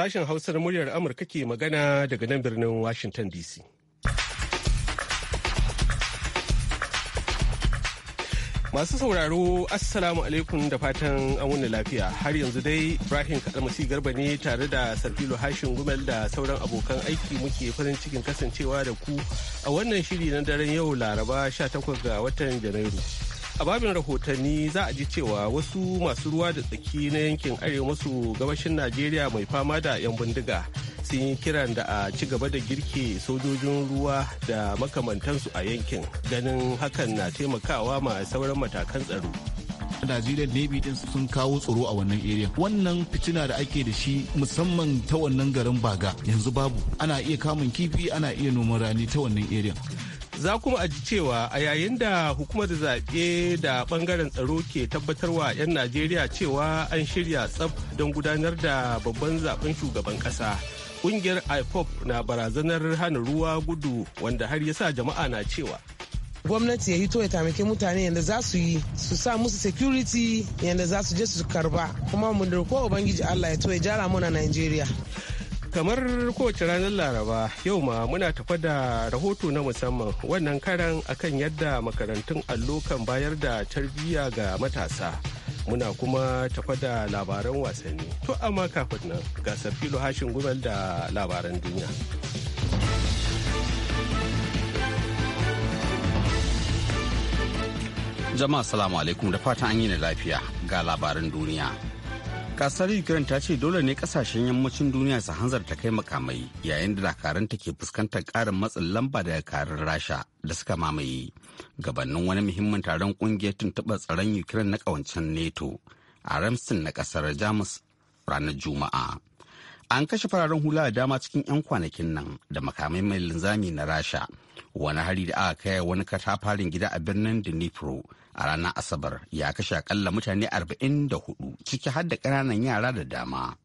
Sashen Hausar muryar Amurka ke magana daga nan birnin Washington DC. Masu sauraro Assalamu alaikum da fatan wani lafiya har yanzu dai Ibrahim Kalmasi Garba ne tare da Sarfilo Hashin Gumel da sauran abokan aiki muke farin cikin kasancewa da ku a wannan shiri na daren yau Laraba 18 ga watan Janairu. a babin rahotanni za a ji cewa wasu masu ruwa da tsaki na yankin arewa maso gabashin najeriya mai fama da 'yan bindiga sun yi kiran da a ci gaba da girke sojojin ruwa da makamantansu a yankin ganin hakan na taimakawa ma sauran matakan tsaro Najeriya Navy din sun kawo tsaro a wannan area. Wannan fitina da ake da shi musamman ta wannan garin Baga yanzu babu. Ana iya kamun kifi ana iya noman rani ta wannan area. za kuma a ji cewa a yayin da hukumar zaɓe da ɓangaren tsaro ke tabbatarwa 'yan najeriya cewa an shirya tsaf don gudanar da babban zaben shugaban ƙasa ƙungiyar ipop na barazanar hana ruwa gudu wanda har ya sa jama'a na cewa gwamnati ya hito ya tamake mutane yadda za su yi su sa musu security yadda za su je su karba kuma mu ko ubangiji allah ya to ya jara mana nigeria. kamar kowace ranar laraba yau ma muna tafa da rahoto na musamman wannan karan akan yadda makarantun allo kan bayar da tarbiyya ga matasa muna kuma tafa da labaran wasanni to amma kafin nan gasar safilo hashin gubal da labaran duniya jama'a salamu alaikum da fatan an yi lafiya ga labaran duniya kasar ukraine ta ce dole ne kasashen yammacin duniya su hanzarta kai makamai yayin da dakaranta ke fuskantar karin matsin lamba daga karin rasha da suka mamaye gabanin wani muhimmin taron kungiyar tuntuɓar tsaron ukraine na kawancen nato a ramstin na kasar jamus ranar juma'a an kashe fararen hula da dama cikin 'yan kwanakin nan da makamai mai linzami na rasha wani hari da aka kai wani katafarin gida a birnin dnipro a ranar asabar ya kashe akalla mutane 44 ciki har da ƙananan yara da dama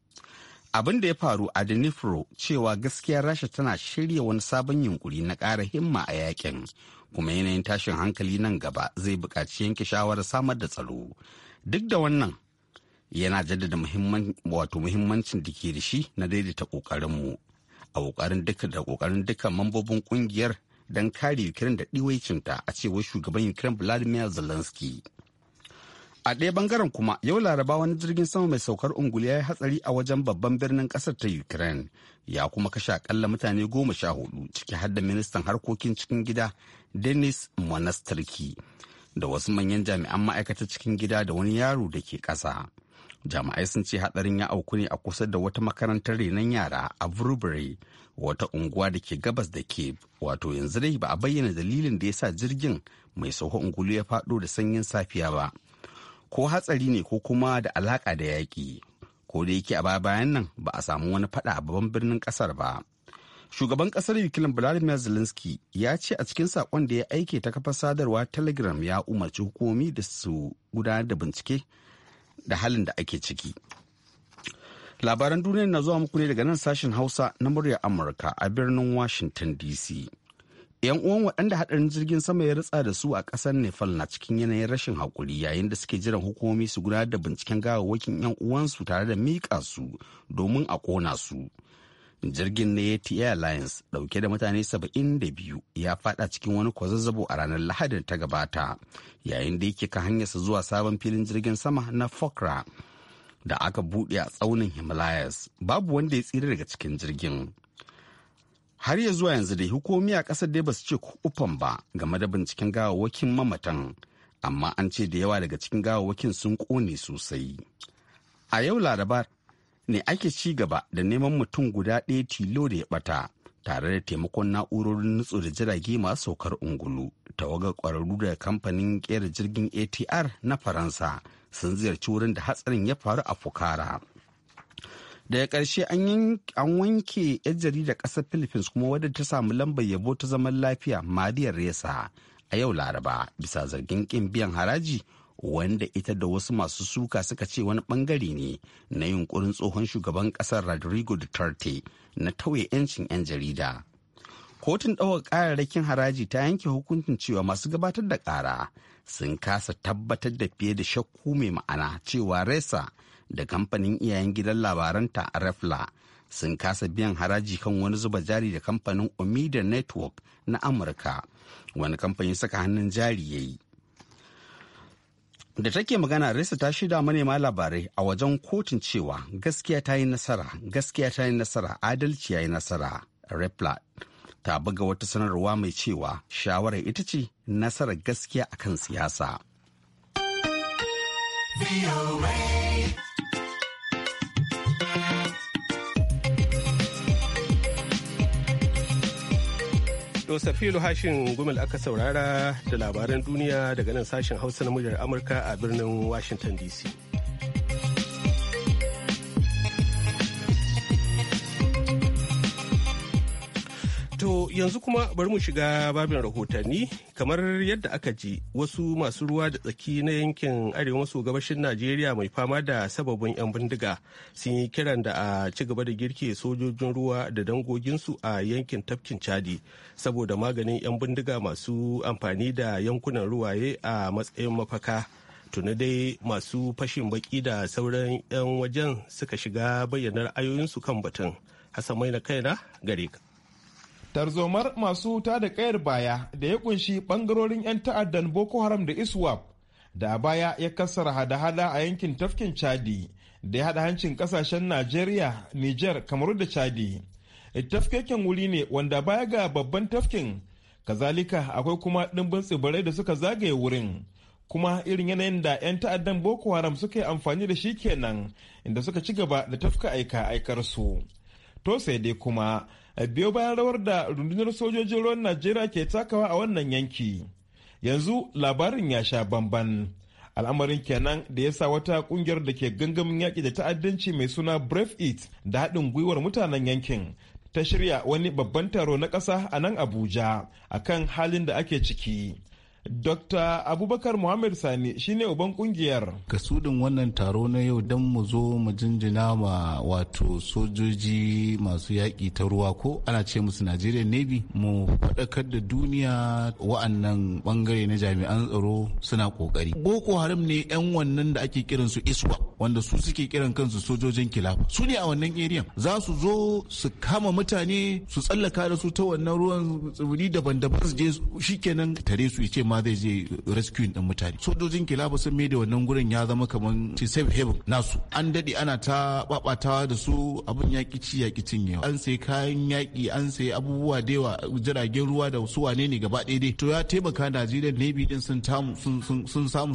abin da ya faru a dnipro cewa gaskiya rasha tana shirya wani sabon yunkuri na ƙara himma a yakin kuma yanayin tashin hankali nan gaba zai buƙaci yanke shawarar samar da tsaro duk da wannan yana jaddada wato muhimmancin da ke da shi na daidaita ƙoƙarinmu a ƙoƙarin duka da ƙoƙarin dukkan mambobin ƙungiyar don kare Ukraine da ɗiwaicinta a cewar shugaban Ukraine Vladimir Zelensky. A ɗaya bangaren kuma yau laraba wani jirgin sama mai saukar ungulu ya yi hatsari a wajen babban birnin ƙasar ta Ukraine ya kuma kashe akalla mutane goma sha hudu ciki har da ministan harkokin cikin gida Denis Monastirki da wasu manyan jami'an ma'aikata cikin gida da wani yaro da ke ƙasa. jami'ai sun ce hadarin ya auku ne a kusa da wata makarantar renon yara a Vurbury wata unguwa da ke gabas da Cape wato yanzu dai ba a bayyana dalilin da ya sa jirgin mai sauka ungulu ya faɗo da sanyin safiya ba ko hatsari ne ko kuma da alaka da yaƙi ko da yake a baya bayan nan ba a samu wani fada a babban birnin kasar ba shugaban kasar ukraine vladimir zelensky ya ce a cikin saƙon da ya aike ta kafar sadarwa telegram ya umarci hukumomi da su gudanar da bincike da halin da ake ciki. Labaran duniya na zuwa muku ne daga nan sashen Hausa na muryar Amurka a birnin Washington DC. 'Yan uwan waɗanda haɗarin jirgin sama ya ritsa da su a ƙasar Nepal na cikin yanayin rashin haƙuri yayin da suke jiran hukumomi su gudanar da binciken gawawwakin 'yan uwansu tare da miƙa su domin a ƙona su. jirgin na yeti airlines dauke da mutane 72 ya fada cikin wani kwazazzabo a ranar lahadin ta gabata yayin da yake ka hanyarsa zuwa sabon filin jirgin sama na fokra da aka buɗe a tsaunin himalayas babu wanda ya tsira daga cikin jirgin har ya zuwa yanzu dai hukumomi a ƙasar dai ba su ce uffan ba game da binciken gawawwakin mamatan amma an ce da yawa daga cikin gawawwakin sun ƙone sosai a yau laraba ne ake ci gaba da neman mutum guda ɗaya tilo da ya ɓata tare da taimakon na'urorin nutso da jirage masu saukar ungulu tawagar ƙwararru da kamfanin ƙera jirgin atr na faransa sun ziyarci wurin da hatsarin ya faru a fukara daga ƙarshe an wanke 'yan jarida ƙasar philippines kuma wadda ta samu lambar yabo ta zaman lafiya mariyar resa a yau laraba bisa zargin ƙin biyan haraji wanda ita da wasu masu suka suka ce wani bangare ne na yunkurin tsohon shugaban kasar rodrigo duterte na tauye 'yancin 'yan jarida kotun ɗaukar ƙararrakin haraji ta yanke hukuncin cewa masu gabatar da ƙara sun kasa tabbatar da fiye da shakku mai ma'ana cewa resa da kamfanin iyayen gidan labaranta a refla sun kasa biyan haraji kan wani zuba jari da kamfanin omida network na amurka wani kamfanin saka hannun jari ya yi da take magana risa ta shida manema labarai a wajen kotun cewa gaskiya ta yi nasara gaskiya ta yi nasara adalci ya yi nasara replat ta buga wata sanarwa mai cewa shawarar ita ce nasarar gaskiya akan siyasa. Dosafilu Hashin Gumel aka saurara da labaran duniya daga nan sashen Hausa na muryar Amurka a birnin Washington DC. yanzu kuma bari mu shiga babin rahotanni kamar yadda aka ji wasu masu ruwa da tsaki na yankin arewa maso gabashin Najeriya mai fama da sababbin 'yan bindiga sun yi kiran da a ci gaba da girke sojojin ruwa da dangoginsu a yankin tafkin Chadi saboda maganin 'yan bindiga masu amfani da yankunan ruwaye a matsayin mafaka. tuna dai masu fashin baki da sauran 'yan wajen suka shiga bayyanar ayoyinsu kan batun. Hassan mai na kaina gare ka. tarzomar masu ta da kayar baya da ya kunshi bangarorin 'yan ta'addan boko haram da iswap da a baya ya kassara hada-hada a yankin tafkin chadi da ya hada hancin kasashen nigeria niger kamaru da chadi tafkeken wuri ne wanda baya ga babban tafkin kazalika akwai kuma ɗimbin tsibirai da suka zagaye wurin kuma irin yanayin da 'yan ta'addan boko haram suka yi amfani da shi kenan inda suka ci gaba da tafka aika aikar su to sai dai kuma biyo bayan rawar da rundunar sojojin ruwan najeriya ke takawa a wannan yanki yanzu labarin ya sha bamban al'amarin kenan da ya sa wata kungiyar da ke gangamin yaƙi da ta'addanci mai suna brave it da haɗin gwiwar mutanen yankin ta shirya wani babban taro na ƙasa a nan abuja a kan halin da ake ciki Dr. Abubakar Muhammad Sani shine uban kungiyar. Kasudin wannan taro na yau don mu zo mu jinjina ma wato sojoji masu yaƙi ta ruwa ko ana ce musu Najeriya Navy mu faɗakar da duniya wa'annan bangare na jami'an tsaro suna ƙoƙari. Boko Haram ne 'yan wannan da ake kiran su ISWA wanda su suke kiran kansu sojojin kilafa. Su ne a wannan eriyan za su zo su kama mutane su tsallaka da su ta wannan ruwan tsibiri daban-daban su je shikenan tare su ce ma ma zai je rescue din mutane sojojin kilaba sun mai da wannan gurin ya zama kamar safe haven nasu an dade ana ta babatawa da su abun yaki ci yaki cinyewa an sai kayan yaki an sai abubuwa da yawa jiragen ruwa da su wane ne gaba ɗaya to ya taimaka Najeriya Navy din sun sun samu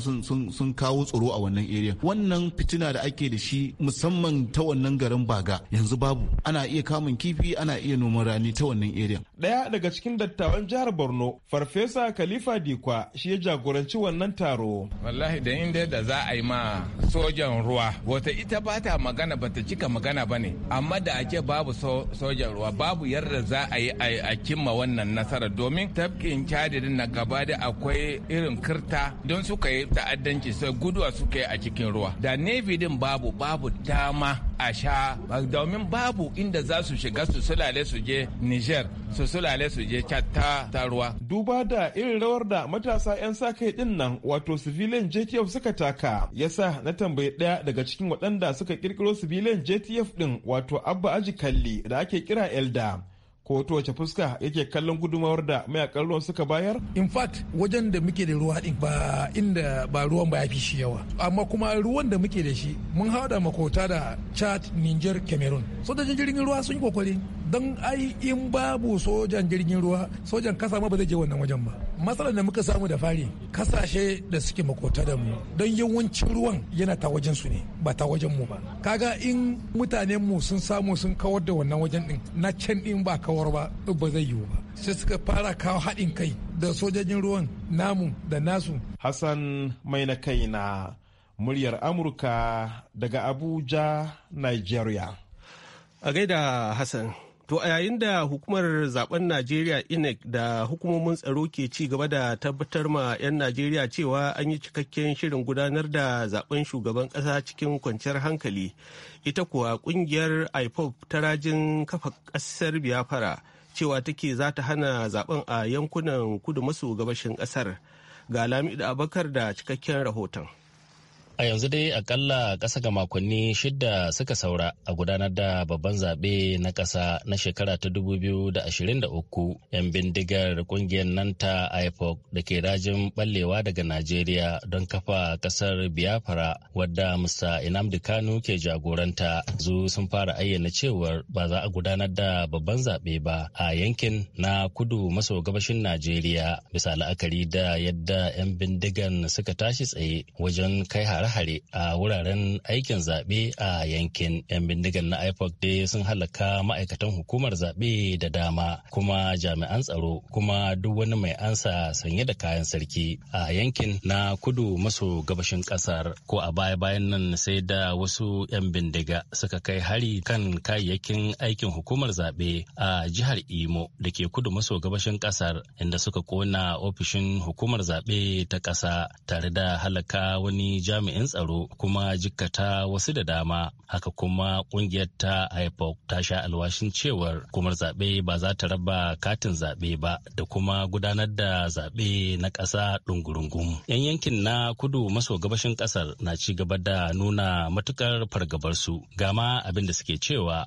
sun kawo tsaro a wannan area wannan fitina da ake da shi musamman ta wannan garin Baga yanzu babu ana iya kamun kifi ana iya noman rani ta wannan area daya daga cikin dattawan jihar Borno Farfesa Khalifa Dikwa kwa shi ya jagoranci wannan taro. Wallahi da inda da za a yi ma sojan ruwa wata ita ba ta magana ba ta cika magana ba ne amma da ake babu sojan ruwa babu yarda za a yi a cimma wannan nasara domin tafkin cadirin na gaba da akwai irin kirta don suka yi ta'addanci sai guduwa suka yi a cikin ruwa da navy din babu babu dama a sha domin babu inda za su shiga su sulale su je Niger su sulale su je ta ruwa. Duba da irin rawar da matasa 'yan sa kai din nan wato civilian JTF suka taka yasa na tambayi ɗaya daga cikin waɗanda suka kirkiro civilian JTF din wato Abba Aji Kalli da ake kira Elda ko wace fuska yake kallon gudumawar da mayakan ruwan suka bayar? In fact wajen da muke da ruwa din ba inda ba ruwan ba ya fi shi yawa. Amma kuma ruwan da muke da shi mun hada makota da Chad, Niger, Cameroon. Sojojin jirgin ruwa sun yi kokari don ai in babu sojan jirgin ruwa sojan kasa ma ba zai je wannan wajen ba matsalar da muka samu da fari kasashe da suke makota da mu don yawancin ruwan yana ta wajen su ne ba ta wajen mu ba kaga in mutanen mu sun samu sun kawar da wannan wajen din na can din ba kawar ba ba zai yiwu ba sai suka fara kawo haɗin kai da sojojin ruwan namu da nasu hassan mai na kai na muryar amurka daga abuja nigeria a gaida hassan To a yayin da hukumar zaben Najeriya INEC da hukumomin tsaro ke ci gaba da tabbatar ma 'yan Najeriya cewa an yi cikakken shirin gudanar da zaben shugaban ƙasa cikin kwanciyar hankali. Ita kuwa ƙungiyar IPOP ta rajin kafa ƙasar Biafra cewa take za ta hana zaben a yankunan kudu maso gabashin ƙasar. Ga Lamidu Abakar da cikakken rahoton. A yanzu dai akalla ƙasa ga makonni shida suka saura a gudanar da babban zaɓe na ƙasa na shekara ta 2023 'yan bindigar ƙungiyar nan ta IPOC da ke rajin ɓallewa daga Najeriya don kafa ƙasar Biafra wadda Mr. Inamdi Kanu ke jagoranta zu sun fara ayyana cewar ba za a gudanar da babban zaɓe ba a yankin na kudu maso gabashin Najeriya bisa la'akari da yadda 'yan bindigan suka tashi tsaye wajen kai hare-hare a wuraren aikin zaɓe a yankin 'yan bindigar na ipoc dai sun halaka ma'aikatan hukumar zaɓe da dama kuma jami'an tsaro kuma duk wani mai ansa sanye da kayan sarki a yankin na kudu maso gabashin ƙasar ko a baya-bayan nan sai da wasu 'yan bindiga suka kai hari kan kayayyakin aikin hukumar zaɓe a jihar imo da ke kudu maso gabashin ƙasar inda suka kona ofishin hukumar zaɓe ta ƙasa tare da halaka wani jami'in jami'an tsaro kuma jikkata wasu da dama haka kuma kungiyar ta ipoc ta sha alwashin cewar hukumar zaɓe ba za ta raba katin zaɓe ba da kuma gudanar da zaɓe na ƙasa ɗungurungun yan yankin na kudu maso gabashin ƙasar na ci gaba da nuna matukar fargabarsu ga ma abin da suke cewa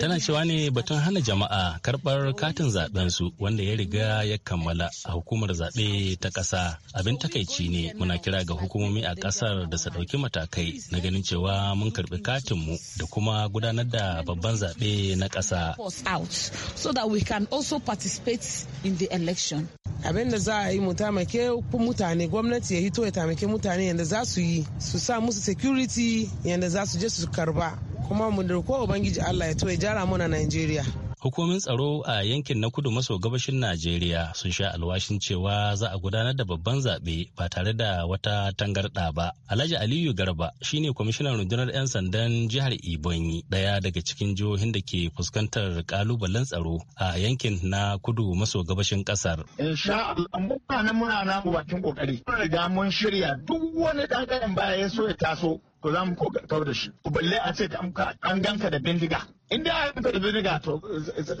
tana cewa ne batun hana jama'a karɓar katin zaɓen su wanda ya riga ya kammala a hukumar zaɓe ta ƙasa abin takaici ne muna kira ga hukumomi a kasar da su dauki matakai na ganin cewa mun karɓi mu da kuma gudanar da babban zaɓe na ƙasa. we so that can also participate in the election. abin da za a yi mu taimake mutane gwamnati ya hito ya taimake mutane yadda za su yi su sa musu security yadda za su je su karba kuma mu da ko ubangiji allah ya to ya jara mana nigeria. Hukumomin tsaro a yankin na kudu maso gabashin Najeriya sun sha alwashin cewa za a gudanar da babban zaɓe ba tare da wata tangarɗa ba. Alhaji Aliyu Garba shine kwamishinan rundunar 'yan sandan jihar Ibonyi ɗaya daga cikin jihohin da ke fuskantar ƙalubalen tsaro a yankin na kudu maso gabashin ƙasar. Insha Allah muna muna namu bakin kokari. Mun riga mun shirya duk wani ɗan baya ya so ya taso to za mu kawar da shi balle a ce an ganka da bindiga in da ganka da bindiga to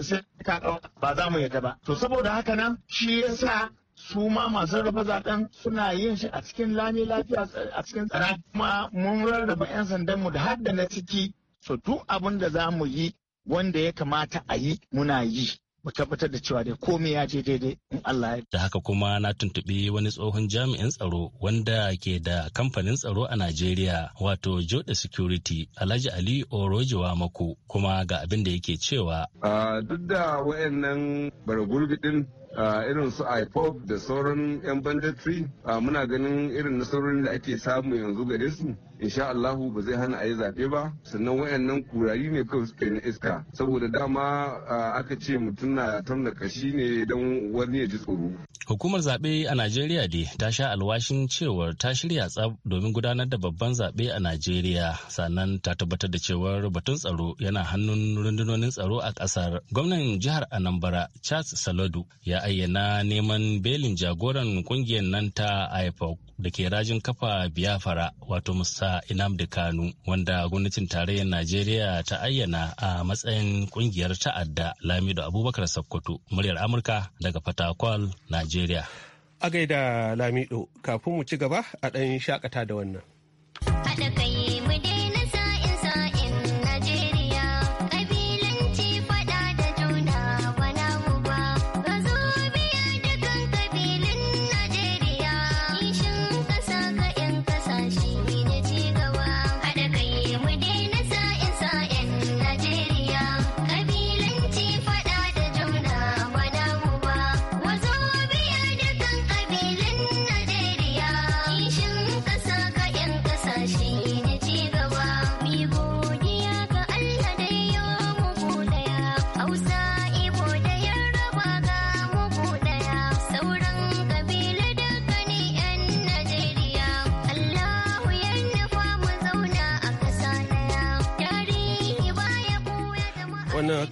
sai ka ba za mu yadda ba to saboda haka nan shi yasa su ma masu rufe zaben suna yin shi a cikin lami lafiya a cikin tsara kuma mun rarraba 'yan sandanmu da har da na ciki so duk abin da za mu yi wanda ya kamata a yi muna yi mu tabbatar da cewa dai komai ya je daidai in Allah ya da haka kuma na tuntuɓi wani tsohon jami'in tsaro wanda ke da kamfanin tsaro a Najeriya wato Jode Security Alhaji Ali Orojewa Mako kuma ga abin da yake cewa ah, duk da wayannan bargulbidin irin su ipop da sauran 'yan banditry muna ganin irin nasarorin da ake samu yanzu gare su insha Allahu ba zai hana a yi zaɓe ba sannan wayannan kurari ne kawai suke na iska saboda dama aka ce mutum na tamna kashi ne don wani ya ji tsoro. Hukumar zaɓe a Najeriya dai ta sha alwashin cewar ta shirya tsab domin gudanar da babban zaɓe a Najeriya sannan ta tabbatar da cewar batun tsaro yana hannun rundunonin tsaro a ƙasar. Gwamnan jihar Anambra Charles Salodu ya ayyana neman belin jagoran ƙungiyar nan ta IPOC da ke rajin kafa biyafara, wato Musa Inamdi Kanu wanda gwamnatin tarayyar Najeriya ta ayyana a matsayin ƙungiyar ta'adda Lamido Abubakar Sokoto muryar Amurka daga Fatakwal, Najeriya. Najeriya. A gaida Lamido, kafin mu ci gaba a ɗan shakata da wannan.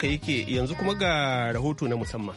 haka yake yanzu kuma ga rahoto na musamman.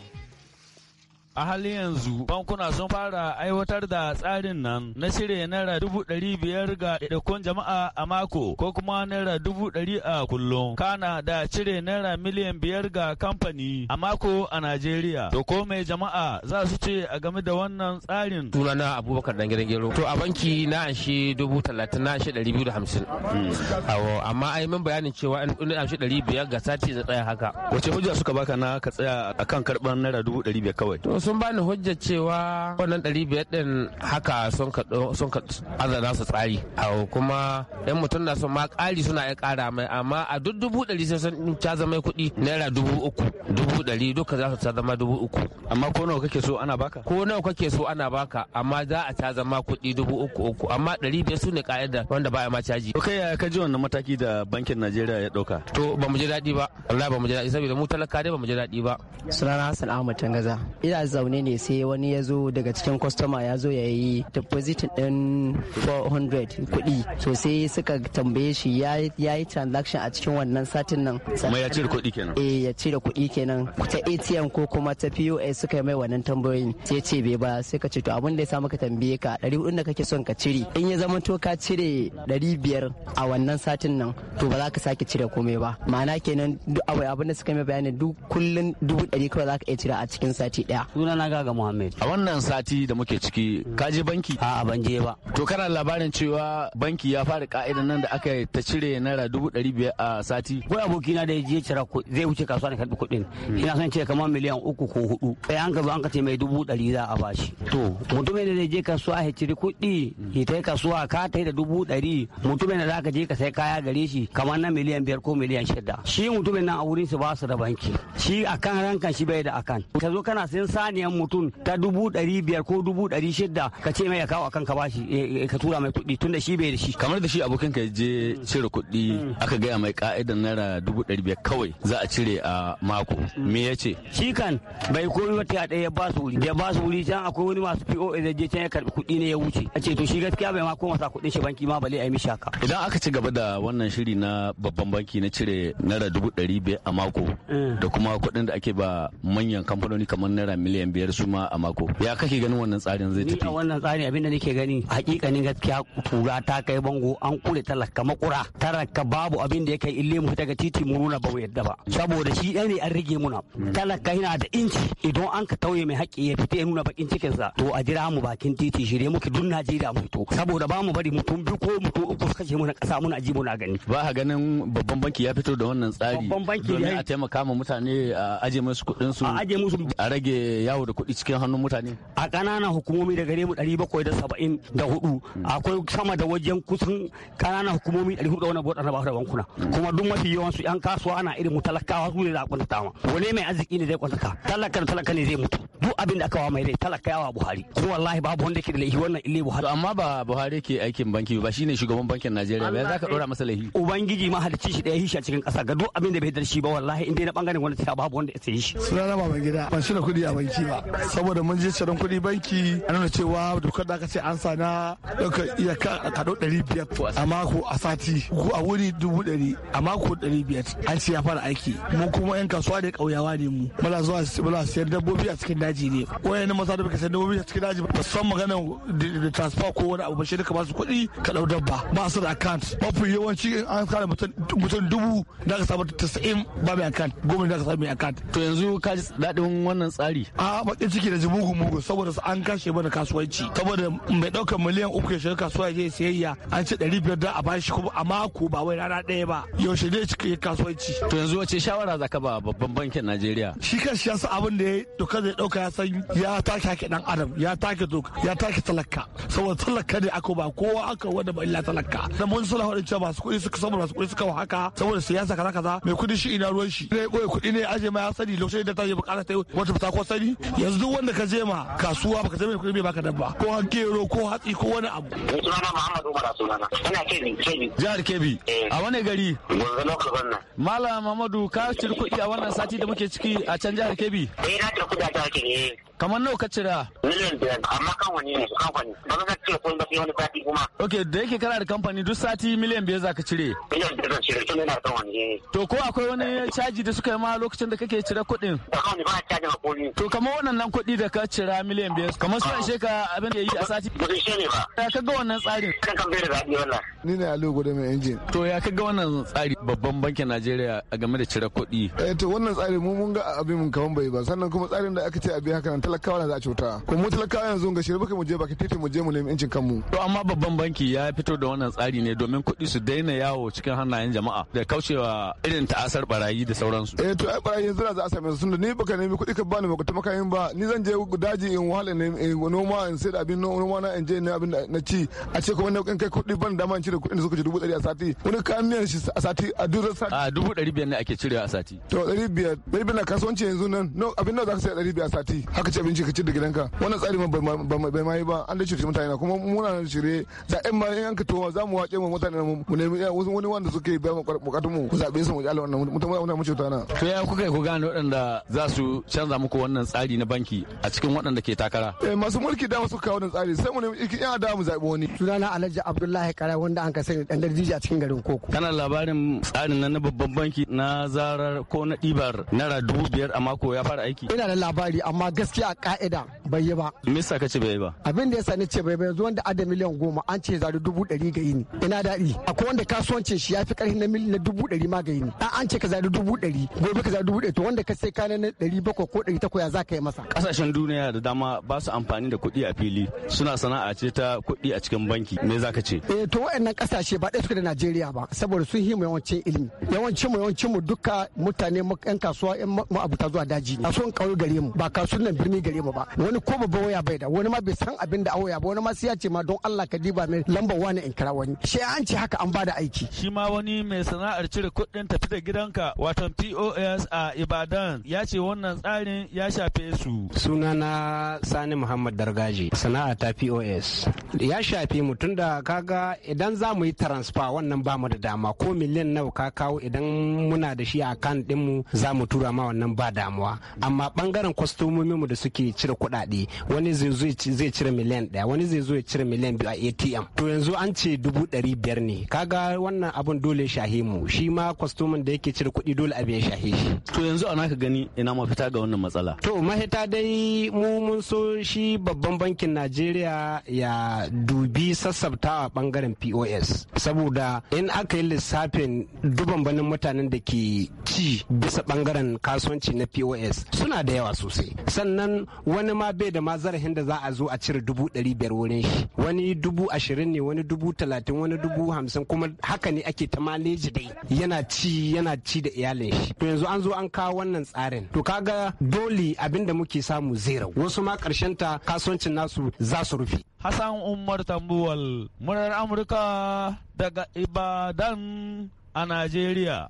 a halin yanzu bankuna sun fara aiwatar da tsarin nan na shirya naira dubu ɗari biyar ga ɗaiɗaikun jama'a a mako ko kuma naira dubu ɗari a kullum kana da cire naira miliyan biyar ga kamfani a mako a najeriya to ko mai jama'a za su ce a game da wannan tsarin sunana abubakar dan gidan gero to a banki na anshi dubu talatin na anshi ɗari biyu da hamsin hmm. amma ai min bayanin cewa in anshi ɗari biyar ga sati zai tsaya haka wace hujja suka baka na ka tsaya akan karɓar naira dubu ɗari biyar kawai sun bani hujja cewa wannan ɗari biyar ɗin haka sun ka azana su tsari awo kuma yan mutum na son ma ƙari suna ya ƙara mai amma a duk dubu ɗari sai sun ta zama kuɗi naira dubu uku dubu ɗari duka za su ta zama dubu uku amma ko nawa kake so ana baka ko nawa kake so ana baka amma za a ta zama kuɗi dubu uku uku amma ɗari biyar su ne ƙa'ida wanda ba a ma caji. ok ya ka ji wannan mataki da bankin najeriya ya ɗauka. to ba mu ji daɗi ba Allah ba mu ji daɗi saboda mu talaka dai ba mu ji daɗi ba. sunana Hassan Ahmad Tangaza ina zaune ne sai wani ya zo daga cikin kwastoma ya zo ya yi deposit din 400 kuɗi so sai suka tambaye shi ya yi transaction a cikin wannan satin nan kuma ya cire kuɗi kenan eh ya cire kuɗi kenan ta atm ko kuma ta pos suka yi mai wannan tambayoyin sai ce bai ba sai ka ce to abin da ya sa ka tambaye ka 400 da kake son ka cire in ya zama to ka cire 500 a wannan satin nan to ba za ka sake cire komai ba ma'ana kenan duk abin da suka mai bayani duk kullun dubu ɗari kawai za ka iya cire a cikin sati ɗaya sunana gaga muhammed a wannan sati da muke ciki ka je banki a ban je ba to kana labarin cewa banki ya fara ka'idan nan da aka ta cire naira dubu ɗari biyar a sati wai abokina da ya je cira zai wuce kasuwa da karɓi kuɗin hmm. ina son ce kamar miliyan uku ko hudu sai an ka zo an ka ce mai dubu ɗari za a bashi to mutumin da zai je kasuwa ya ciri kuɗi ya ta kasuwa ka ta da dubu ɗari mutumin da za ka je ka sai kaya gare shi kamar na miliyan biyar ko miliyan shida shi mutumin nan a wurin su ba su da banki shi akan rankan shi bai da akan ka zo kana sun sani saniyan mutum ta dubu ɗari biyar ko dubu ɗari shida ka ce mai ya kawo akan ka bashi eh, eh, ka tura mai kuɗi tun da shi bai da shi kamar da shi abokin ka je cire kuɗi mm. aka gaya mai ka'idan naira dubu ɗari biyar kawai za a cire a mako mm. me ya ce shi kan bai komi wata ɗaya ba su wuri ya ba su wuri can akwai wani masu POA da je can ya karɓi kuɗi ne ya wuce a ce to shi gaskiya bai ma koma sa kuɗin shi banki ma bale a yi mishi haka idan aka ci gaba da wannan shiri na babban banki na cire naira dubu ɗari biyar a mako mm. da kuma kuɗin da ake ba manyan kamfanoni kamar naira miliyan miliyan biyar su ma a mako ya kake ganin wannan tsarin zai tafi wannan tsari abin da nake gani hakikanin gaskiya tura ta kai bango an kure talaka makura talaka babu abin da ya kai ille mu daga titi mu nuna ba yadda ba saboda shi ɗaya ne an rige muna talaka yana da inci idan an ka tauye mai haƙƙi ya fita ya nuna bakin cikinsa to a jira mu bakin titi shirye muke dun Najeriya mu fito saboda ba mu bari mutum biyu ko mutum uku su kashe muna ƙasa muna ji muna gani ba ha ganin babban banki ya fito da wannan tsari babban banki ne a taimaka ma mutane a aje musu kuɗin su a aje musu a rage yawo da kuɗi cikin hannun mutane a ƙananan hukumomi da gare mu ɗari bakwai da saba'in da hudu mm. akwai sama da wajen kusan ƙananan hukumomi ɗari hudu wani bota na da bankuna mm. kuma duk mafi yawan su yan kasuwa ana irin mu talakawa su ne za a kwantata ma wani mai arziki ne zai kwantata talaka da talaka ne zai mutu duk abin da aka wa mai rai talaka yawa buhari ko wallahi babu wanda yake da laifi wannan ile buhari amma ba buhari ke aikin banki ba shine shugaban bankin najeriya ba za ka dora masa laifi ubangiji ma halicci shi da ya hisha cikin kasa ga duk abin da bai dar shi ba wallahi in dai na bangaren gwamnati ta babu wanda ya sayi shi sunana baban gida ban shi da kuɗi a banki ba saboda mun je tsaron kudi banki an nuna cewa dokar da aka ce an sa na ɗauka iya ka ɗari biyar a mako a sati ko a wuri dubu ɗari a mako ɗari an ce ya fara aiki mu kuma 'yan kasuwa da kauyawa ne mu mala zuwa mala sayar dabbobi a cikin daji daji ne wayan maza da baka san dabbobi cikin daji ba san magana da transfer ko wani abu ba shi da ka ba su kuɗi ka dau dabba ba su da account mafi yawanci an kare mutum dubu da ka samu tasa'in ba mai account goma da ka samu mai account to yanzu ka ji daɗin wannan tsari a bakin ciki da jibugu mugu saboda an kashe mana kasuwanci saboda mai ɗaukar miliyan uku ya shiga kasuwa ya sayayya an ci ɗari biyar da a ba shi kuma a mako ba wai rana ɗaya ba yaushe ne cika kasuwanci to yanzu wace shawara za ka ba babban bankin Najeriya shi kan shi yasa abin da ya doka zai ɗauka ya san ya take dan adam ya take doka ya take talaka saboda talaka ne aka ba kowa aka wanda ba illa talaka da mun sula hadin cewa masu kuɗi suka saboda masu kuɗi suka haka saboda siyasa kaza kaza mai kuɗi shi ina ruwan shi ne koyi kuɗi ne aje ma ya sani lokacin da ta yi bukata ta wata fita ko sani yanzu duk wanda ka je ma kasuwa baka zama mai kuɗi bai baka dabba ko gero ko hatsi ko wani abu sunana Muhammad Umar sunana ina kebi kebi jihar kebi eh. a wani gari gwanzano ka malam Muhammadu ka ciri kuɗi a wannan sati da muke ciki a can jihar kebi eh na kuɗi a jihar kebi Eh. kamar nawa ka cira miliyan biyar amma kan wani ne kan wani ba za ka cire kun ba sai wani sati kuma ok da yake kana da kamfani duk sati miliyan biyar za ka cire miliyan biyar zan cire tun yana kan wani eh. to ko akwai wani caji da suka yi ma lokacin da kake cire kuɗin da kan wani ba a caji ma hakuri to kamar wannan kuɗi da ka cira miliyan biyar kamar su ah. ishe ka abin da ya yi a sati ba zai ne ba ya kaga wannan tsarin kan kan bai da zaɓi wannan ni ne Aliyu Gwada mai injin to ya kaga wannan tsari babban bankin Najeriya a game da cire kuɗi eh to wannan tsari mu mun ga abin mun kaman bai ba sannan kuma tsarin da aka ce a bi haka nan talakawa na za a cuta ko mu talakawa yanzu ga shirbuka mu je baki titi mu je mu nemi incin kanmu to amma babban banki ya fito da wannan tsari ne domin kuɗi su daina yawo cikin hannayen jama'a da kaucewa irin ta'asar barayi da sauransu eh to ai barayi yanzu za a same su tunda ni baka nemi kuɗi ka bani baka taimaka yin ba ni zan je daji in wahala ne in eh, noma in sai da abin noma na in je ne abin na ci a ce kuma in kai kuɗi ban dama in cire kuɗin da suka ci dubu ɗari a sati wani kayan miyan shi a sati a dubu sati a dubu ɗari biyar ne ake cirewa a sati to ɗari biyar ɗari biyar na kasuwanci yanzu nan abin nawa za ka sai ɗari biyar a sati ti haka ce abinci ka ci da gidanka wannan tsari bai ma yi ba an da shirye mutane kuma muna shirye da yan ma yanka ka towa za mu wace mu mutane mu nemi wasu wani wanda suke bai mu bukatun mu ku zabe su mu ji wannan mutum mutum mutum mutum na to ya kuka yi ku gane waɗanda za su canza muku wannan tsari na banki a cikin waɗanda ke takara eh, masu mulki da masu kawo wannan tsari sai mu nemi yan da mu zabe wani sunana Alhaji Abdullahi Kara wanda an ka sani dan darjiji a cikin garin Koko kana labarin tsarin nan na babban banki na zarar ko na ɗibar naira dubu biyar a mako ya fara aiki ina da labari amma amma gaskiya a ka'ida bai yi ba me yasa ka ce bai ba abin da yasa sani ce bai bai yanzu wanda ada miliyan goma an ce zari dubu ɗari ga yini ina daɗi akwai wanda kasuwancin shi ya fi ƙarfi na dubu ɗari ma ga yini an ce ka zari dubu ɗari gobe ka zari dubu ɗari to wanda ka sai kana na ɗari bakwai ko ɗari ya za ka yi masa ƙasashen duniya da dama ba su amfani da kuɗi a fili suna sana'a ce ta kuɗi a cikin banki me za ka ce eh to waɗannan ƙasashe ba ɗaya suka da Najeriya ba saboda sun himu yawancin ilimi yawancin mu yawancin mu duka mutane ƴan kasuwa yan ma'abuta zuwa daji ne a son gare mu ba sunan birni gare mu ba wani ko babban waya bai da wani ma bai san abin da awoya ba wani ma sai ya ce ma don Allah ka diba mai lambar wani in kira wani shi an ce haka an bada aiki shi ma wani mai sana'ar cire kuɗin tafi da gidanka watan POS a Ibadan ya ce wannan tsarin ya shafe su sunana Sani Muhammad Dargaji sana'a ta POS ya shafe mu tunda kaga idan za mu yi transfer wannan ba mu da dama ko miliyan nawa ka kawo idan muna da shi a kan dinmu za mu tura ma wannan ba damuwa amma bangaren kwastomi mu da suke cire kuɗaɗe wani zai cire miliyan ɗaya wani zai zo ya cire miliyan biyu a atm to yanzu an ce dubu ɗari biyar ne kaga wannan abun dole shahe mu shi ma kwastomin da yake cire kuɗi dole abin ya shahe shi to yanzu ana ka gani ina mafita ga wannan matsala to mahita dai mu mun so shi babban bankin najeriya ya dubi sassabtawa bangaren pos saboda in aka yi lissafin duban banin mutanen da ke ci bisa bangaren kasuwanci na pos suna da yawa sosai sannan wani ma bai da ma zarafin da za a zo a cire dubu ɗari biyar wurin shi wani dubu ashirin ne wani dubu talatin wani dubu hamsin kuma haka ne ake ta maleji dai yana ci yana ci da iyalin shi to yanzu an zo an kawo wannan tsarin to kaga dole abin da muke samu zai wasu ma karshen ta kasuwancin nasu za su rufe Hassan Umar Tambuwal, murar Amurka daga Ibadan a Najeriya.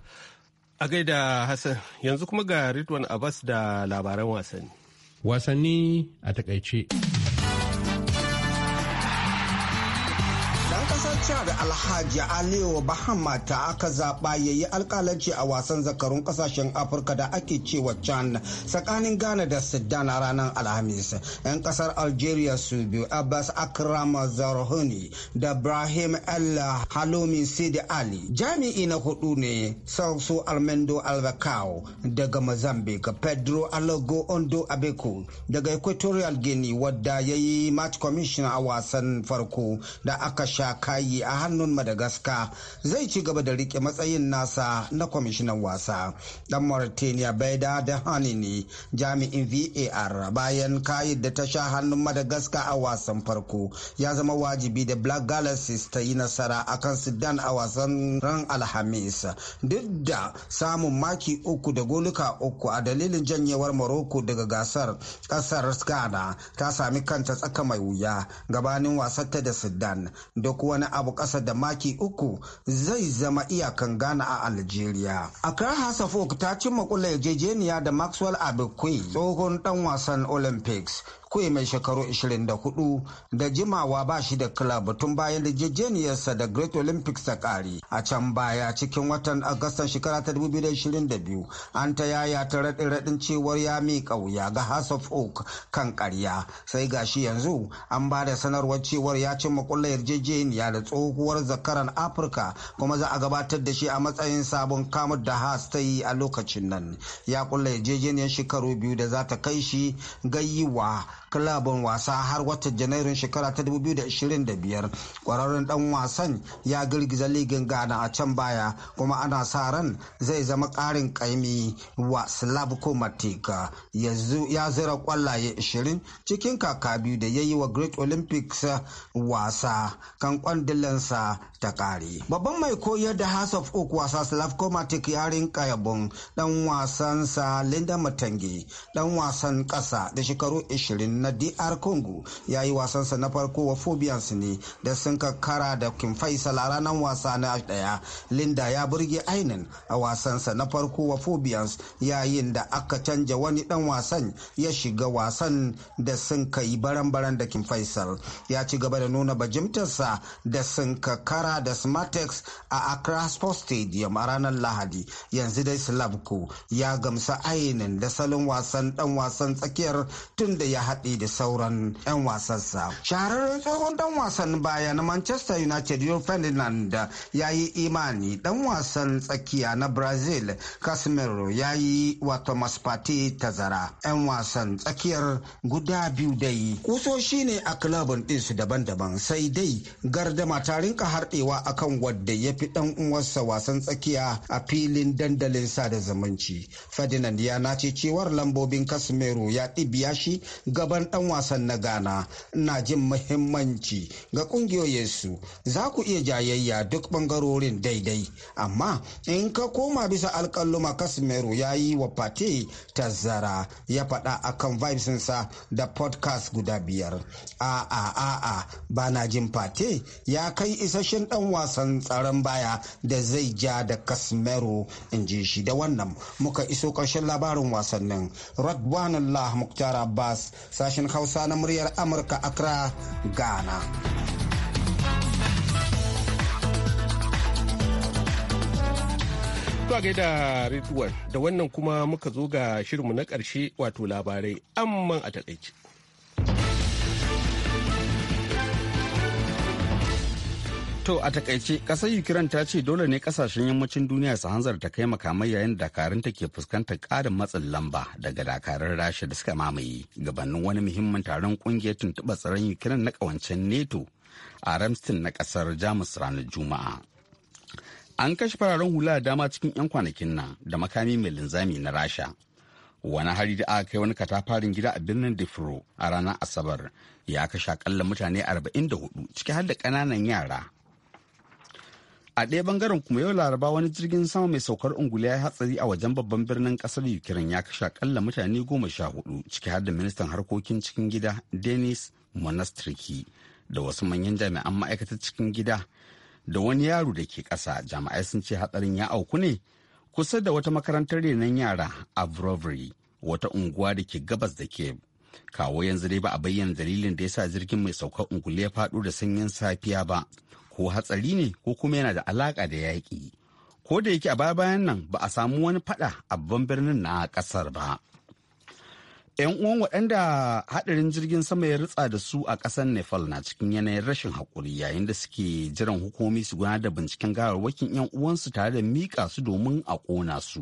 A gaida Hassan, yanzu kuma ga Ridwan Abbas da labaran wasanni. Wasanni a takaice. Bashar Alhaji Aliyu Bahama ta aka zaɓa ya yi alƙalanci a wasan zakarun ƙasashen Afirka da ake cewa can tsakanin Ghana da Sudan a ranar Alhamis. 'Yan ƙasar Algeria su biyu Abbas Akram Zarhuni da Ibrahim El Halomi Sidi Ali. Jami'i na hudu ne Salso Almendo Albacao daga Mozambique, Pedro Alago Ondo Abeko daga Equatorial Guinea wadda ya yi match commission a wasan farko da aka sha kayi a hannun madagascar zai ci gaba da rike matsayin nasa na kwamishinan wasa dan mauritania baida da ne jami'in var bayan kayi da ta sha hannun madagascar a wasan farko ya zama wajibi da black galaxies ta yi nasara akan sudan a wasan ran alhamis duk da samun maki uku da goluka uku a dalilin janyewar morocco daga gasar kasar ghana ta sami kanta tsaka mai wuya gabanin wasanta da sudan duk wani abu abu ƙasa da maki uku zai zama iyakan Ghana a Algeria. hasa Hasafok ta cimma kula yarjejeniya da Maxwell Abekwe tsohon dan wasan Olympics kuyi mai shekaru 24 da jimawa ba shi da club tun bayan da jejeniyarsa da great olympics ta kare a can baya cikin watan agustan shekara ta 2022 an ta yaya ta raɗin raɗin cewar ya miƙa wuya ga house of oak kan ƙarya sai gashi yanzu an ba da sanarwar cewar ya cimma kulla jejeniya da tsohuwar zakaran afirka kuma za a gabatar da shi a matsayin sabon kamun da has ta yi a lokacin nan ya kulla jejeniyar shekaru biyu da za ta kai shi gayiwa kilabin wasa har watan janairun shekara ta 2025 kwararren dan wasan ya girgiza ligin ghana a can baya kuma ana sa ran zai zama karin kaimi wa slavko matika ya zira kwallaye 20 cikin kaka biyu da ya yi wa great olympics wasa kan kwandilansa ta kare babban mai koyar da house of oak wasa slavko matik ya rinka yabon dan wasansa linda matangi dan wasan kasa da shekaru 20 na DR Congo ya yi wasansa na farko wa Phobians ne da sun kara da Kim Faisal a ranar wasa na daya. Linda ya burge ainin a wasansa na farko wa Phobians yayin da aka canja wani dan wasan ya shiga wasan da sun ka yi baran-baran da Kim Faisal. Ya ci gaba da nuna bajimtarsa da sun kara da Smartex a Accra Sports Stadium a ranar Lahadi. Yanzu dai Slavko ya gamsa ainin da salon wasan dan wasan tsakiyar tun da ya haɗe zaɓe da sauran 'yan wasansa. Shahararren tsohon dan wasan baya na Manchester United Rio Ferdinand ya yi imani dan wasan tsakiya na Brazil Casemiro ya yi wa Thomas Partey tazara. 'Yan wasan tsakiyar guda biyu dai. Kusoshi ne a kilabin ɗinsu daban-daban sai dai gardama ta rinka harɗewa akan wadda ya fi ɗan uwarsa wasan tsakiya a filin dandalin sada zumunci. Ferdinand ya nace cewar lambobin Casemiro ya ɗibiya shi gaba tsohon dan wasan na ghana na jin muhimmanci ga kungiyoyinsu za ku iya jayayya duk bangarorin daidai amma in ka koma bisa alkaluma kasmeru ya yi wa ta tazara ya faɗa akan vibesinsa da podcast guda biyar a a a a ba na jin fate ya kai isasshen ɗan wasan tsaron baya da zai ja da kasmeru in ji shi da wannan muka iso ƙarshen labarin wasannin radwan allah muktar abbas sashen Hausa na muryar Amurka Accra, Ghana. Zuwa gaida Ridwan da wannan kuma muka zo ga shirinmu na ƙarshe wato labarai amman a taƙaice. To a takaice kasar Ukraine ta ce dole ne kasashen yammacin duniya su hanzarta kai makamai yayin dakarunta ke fuskantar karin matsin lamba daga dakarun Rasha da suka mamaye gabanin wani muhimmin taron kungiyar tuntuɓa tsaron Ukraine na ƙawancen NATO a Ramstein na ƙasar Jamus ranar Juma'a. An kashe fararen hula da dama cikin 'yan kwanakin nan da makami mai linzami na Rasha. Wani hari da aka kai wani katafarin gida a birnin defro a ranar Asabar ya kashe akalla mutane arba'in da hudu ciki har da ƙananan yara a ɗaya bangaren kuma yau laraba wani jirgin sama mai saukar ungula ya hatsari a wajen babban birnin ƙasar ukraine ya kashe akalla mutane goma sha hudu ciki har da ministan harkokin cikin gida denis monastriki da wasu manyan jami'an ma'aikatar cikin gida da wani yaro da ke ƙasa jami'ai sun ce hatsarin ya auku ne kusa da wata makarantar renon yara a Brovary wata unguwa da ke gabas da ke kawo yanzu dai ba a bayyana dalilin da ya sa jirgin mai saukar ungulu ya faɗo da sanyin safiya ba ko hatsari ne ko kuma yana da alaka da yaƙi ko da yake a baya bayan nan ba a samu wani fada a babban birnin na ƙasar ba yan uwan waɗanda haɗarin jirgin sama ya ritsa da su a ƙasar nepal na cikin yanayin rashin haƙuri yayin da suke jiran hukumi su gudanar da binciken gawarwakin yan uwansu tare da miƙa su domin a ƙona su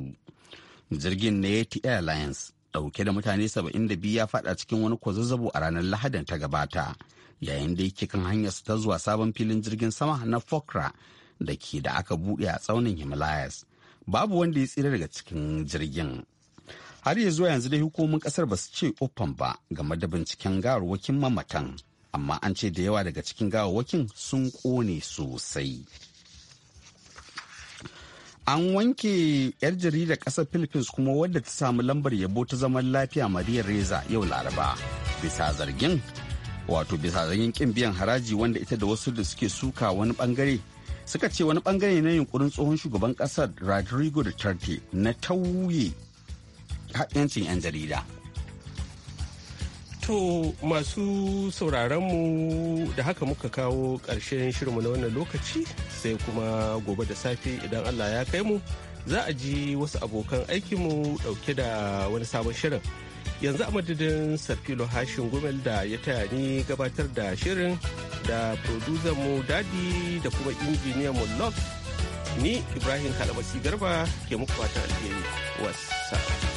jirgin na yeti airlines ɗauke da mutane 72 ya faɗa cikin wani kwazazzabo a ranar lahadin ta gabata yayin da yake kan su ta zuwa sabon filin jirgin sama na fokra da ke da aka buɗe a tsaunin himalayas babu wanda ya tsira daga cikin jirgin har ya zuwa yanzu dai hukumomin kasar ba su ce uffan ba game da binciken gawarwakin mamatan amma an ce da yawa daga cikin gawarwakin sun kone sosai an wanke yar jaridar kasar philippines kuma wadda ta samu lambar yabo ta zaman lafiya maria reza yau laraba bisa zargin wato bisa zanyen kin biyan haraji wanda ita da wasu da suke suka wani bangare suka ce wani bangare na yunkurin tsohon shugaban kasar rodrigo da tarte na tauye yancin 'yan jarida to masu sauraronmu da haka muka kawo ƙarshen shirinmu na wannan lokaci sai kuma gobe da safe idan allah ya kai mu za a ji wasu abokan aikinmu ɗauke da wani sabon shirin. yanzu a madadin sarfilo hashin gumel da ya taya ni gabatar da shirin da producer mu dadi da kuma injiniyan mu love ni ibrahim kalabasi garba ke muku fatan alheri wasu